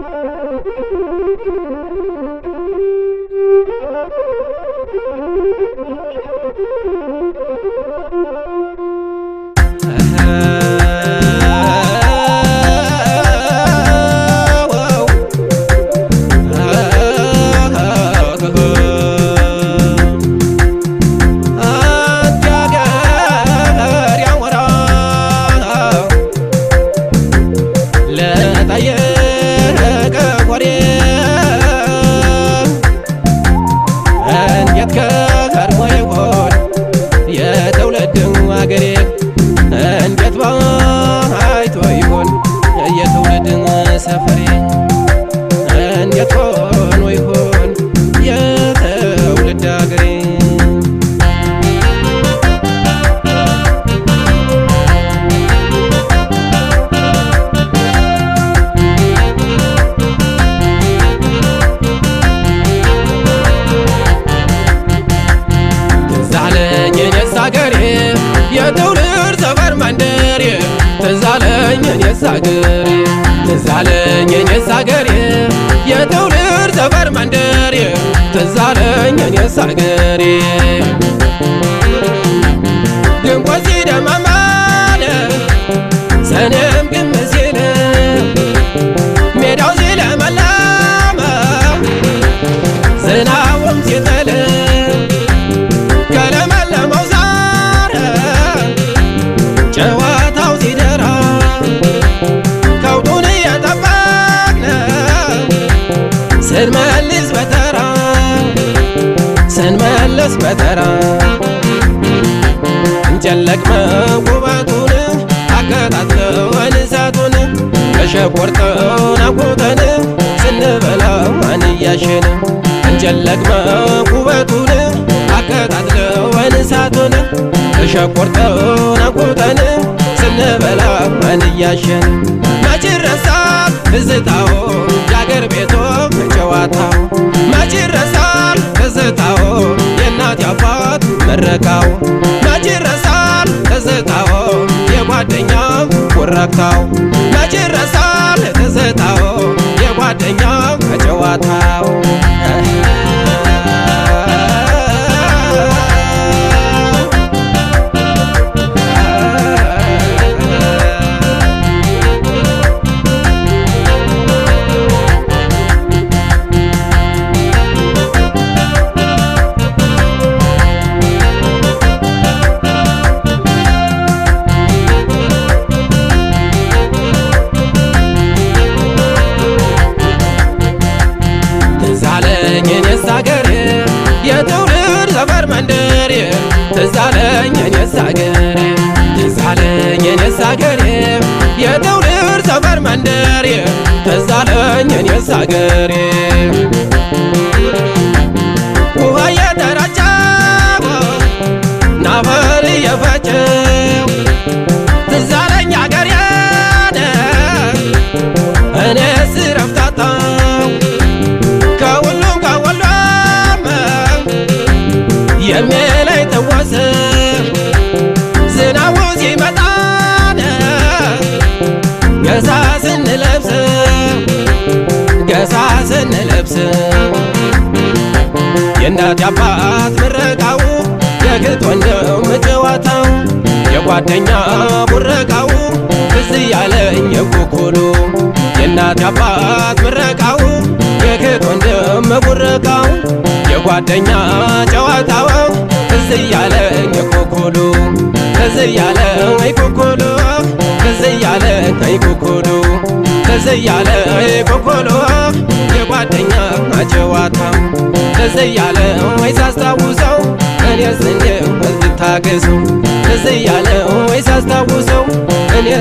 Thank you. አገሬ ትዝ የኔስ አገሬ የትውልድ ሰፈር መንደሬ ትዝ የኔስ አገሬ ድንቆ ሲደማ ስንመልስ በተራ ስንመልስ በተራ እንጨለቅመው ጉባቱን አቀጣጥለዋን እሳቱን ተሸቆርጠውን አቁተን ስንበላው አንያሽን እንጨለቅመው ጉባቱን አቀጣጥለዋን እሳቱን ተሸቆርጠውን አቁተን ስንበላው አንያሽን መች ትዝታዎ የአገር ቤቶ ጨዋታው መች ይረሳል ትዝታዎ የእናት ያባት ምረቃው መች ይረሳል ትዝታዎ የጓደኛ ኮረብታው መች ይረሳል የጓደኛ ጨዋታ አለኝ የኔስ አገር የትውልድ ሰፈር መንደር ትዝ አለኝ የኔስ አገር ትዝ የኔስ አገር የትውልድ ሰፈር መንደር ትዝ አለኝ የኔስ አገር ደሜ ላይ ዝናቡ ገሳ ስንለብስ ገሳ ስንለብስ የእናት አባት ምረቃው የግት ወንድም ጨዋታው የጓደኛ ቡረቃው እዝ ያለኝ የእናት አባት ምረቃው የግት ወንድም ቡረቃው የጓደኛ ጨዋታው እያለ ወይ ኮኮሎ ከዚ እያለ ተይ ኮኮሎ ከዚ እያለ ኮኮሎ የጓደኛ አጨዋታ ከዚ እያለ ወይ ሳስታውሰው እኔ እያለ ወይ ሳስታውሰው እኔ